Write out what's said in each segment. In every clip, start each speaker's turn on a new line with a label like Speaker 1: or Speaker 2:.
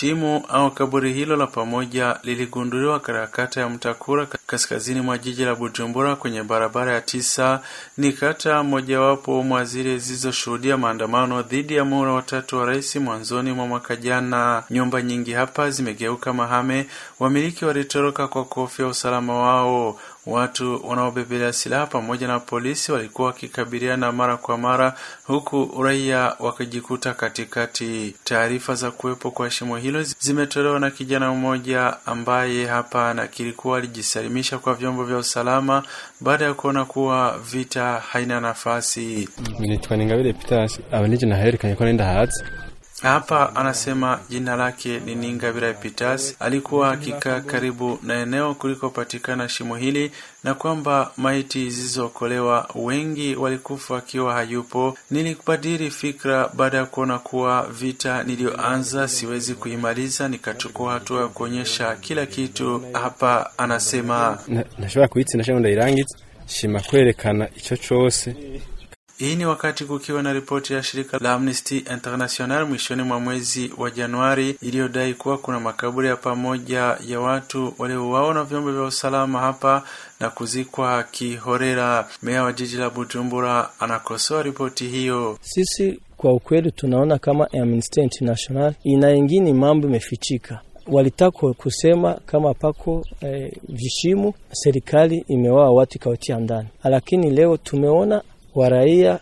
Speaker 1: Shimo au kaburi hilo la pamoja liligunduliwa katika kata ya Mtakura kaskazini mwa jiji la Bujumbura kwenye barabara ya tisa. Ni kata mojawapo mwa zile zilizoshuhudia maandamano dhidi ya muhula watatu wa rais mwanzoni mwa mwaka jana. Nyumba nyingi hapa zimegeuka mahame, wamiliki walitoroka kwa kuhofia usalama wao. Watu wanaobebelea silaha pamoja na polisi walikuwa wakikabiliana mara kwa mara, huku raia wakijikuta katikati. Taarifa za kuwepo kwa shimo hilo zimetolewa na kijana mmoja ambaye hapa na kilikuwa alijisalimisha kwa vyombo vya usalama baada ya kuona kuwa vita haina nafasi hapa anasema jina lake ni Ningabira Peters, alikuwa akikaa karibu na eneo kulikopatikana shimo hili, na kwamba maiti zilizookolewa wengi walikufa akiwa hayupo. nilibadiri fikra baada ya kuona kuwa vita niliyoanza siwezi kuimaliza, nikachukua hatua ya kuonyesha kila kitu. Hapa anasema
Speaker 2: nashobora kuitsinda ndairangiza shima kwerekana icho chose
Speaker 1: hii ni wakati kukiwa na ripoti ya shirika la Amnesty International mwishoni mwa mwezi wa Januari iliyodai kuwa kuna makaburi ya pamoja ya watu waliouawa na vyombo vya usalama hapa na kuzikwa kihorera Meya wa jiji la Bujumbura anakosoa ripoti hiyo.
Speaker 2: Sisi kwa ukweli tunaona kama Amnesty International ina ingini mambo imefichika walitaka kusema kama pako eh, vishimu serikali imewaa watu ikawatia ndani, lakini leo tumeona wa raia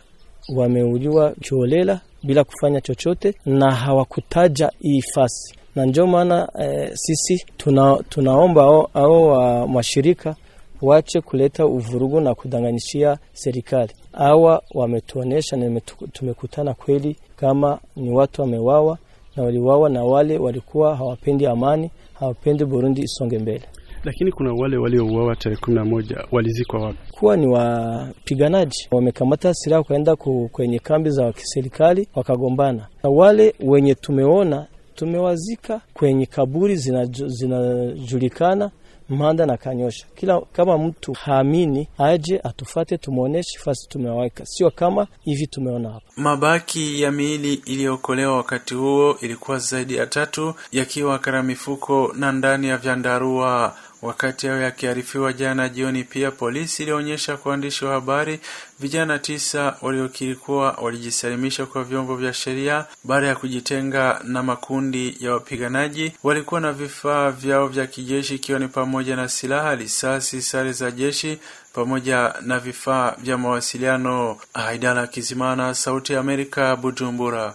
Speaker 2: wameujua kiholela bila kufanya chochote na hawakutaja hii fasi, na ndio maana e, sisi tuna, tunaomba ao wa mashirika wache kuleta uvurugu na kudanganyishia serikali. awa wametuonesha na tumekutana kweli kama ni watu wamewawa na waliwawa na wale walikuwa hawapendi amani, hawapendi Burundi isonge mbele.
Speaker 1: Lakini kuna wale waliouawa tarehe kumi
Speaker 2: na moja walizikwa wapi? Kuwa ni wapiganaji wamekamata silaha kwenda kwenye kambi za kiserikali wakagombana, na wale wenye tumeona tumewazika kwenye kaburi zinajulikana Mhanda na Kanyosha. Kila kama mtu haamini aje atufate, tumwoneshe fasi tumewaweka, sio kama hivi tumeona hapa.
Speaker 1: Mabaki ya miili iliyokolewa wakati huo ilikuwa zaidi ya tatu, yakiwa katika mifuko na ndani ya vyandarua. Wakati hayo yakiarifiwa jana jioni, pia polisi ilionyesha kwa waandishi wa habari vijana tisa waliokiri kuwa walijisalimisha kwa vyombo vya sheria baada ya kujitenga na makundi ya wapiganaji. Walikuwa na vifaa vyao vya kijeshi, ikiwa ni pamoja na silaha, risasi, sare za jeshi pamoja na vifaa vya mawasiliano. Haidala Kizimana, Sauti ya Amerika, Bujumbura.